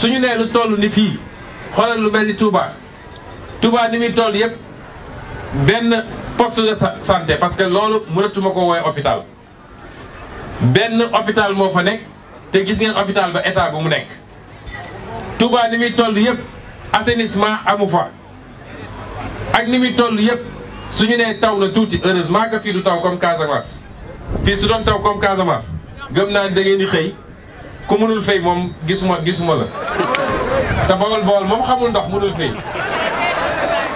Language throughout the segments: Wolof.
suñu nee lu toll ni fii xoolal lu mel ni Touba Touba ni muy toll yëpp benn poste de santé parce que loolu mënatuma ko woowee hôpital benn hôpital moo fa nekk te gis ngeen hôpital ba état bu mu nekk Touba ni muy toll yëpp assainissement amu fa ak ni muy toll yëpp suñu ne taw na tuuti heureusement que fii du taw comme Casamance fii su doon taw comme Casamance gëm naa da ngeen di xëy ku mënul fay moom gis gisuma gisuma la te bawol bawol moom xamul ndox mënul fay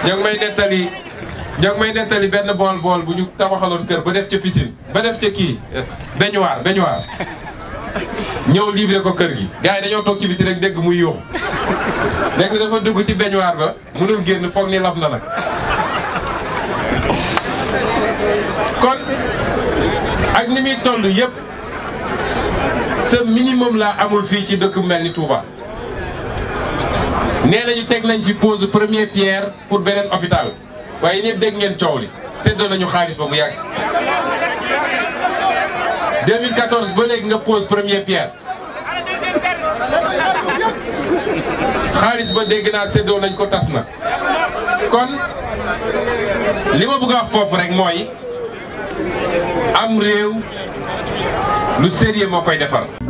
ñoo ngi may nettali ñoo may nettali benn bool bool bu ñu tabaxaloon kër ba def ca piscine ba def ca kii baignoire baignoire ñëw livré ko kër gi gars dañoo toog ci biti rek dégg muy yuux nekk ni dafa dugg ci baignoire ba mënul génn foog ni lab na nag kon ak ni muy toll yépp ce minimum la amul fi ci deuk melni Touba nee tek lañ ci pose première pierre pour benen hôpital waye ñepp dégg ngeen ciowli seddo séddoo nañu xaalis ba mu yàgg 2014 ba léegi nga pose première pierre xaaliss ba dégg na seddo nañ ko tasna kon li ma bëgg a wax foofu rek moy am réew lu sérieux moo koy defar